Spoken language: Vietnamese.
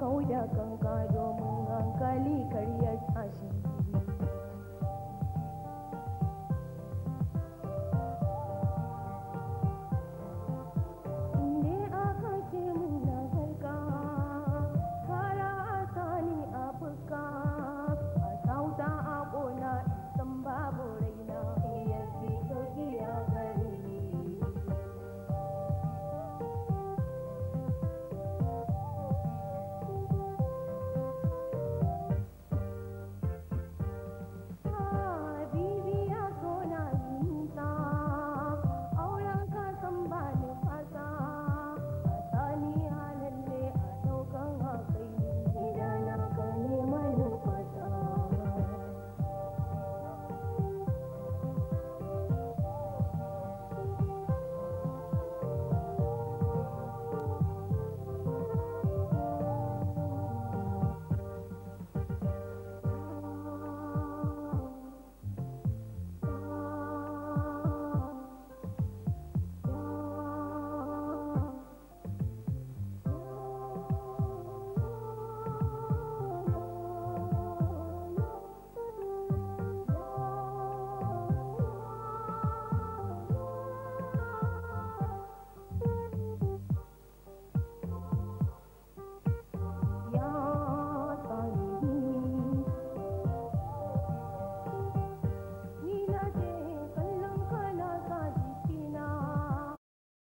câu đã cần cài đồ mừng ngang cài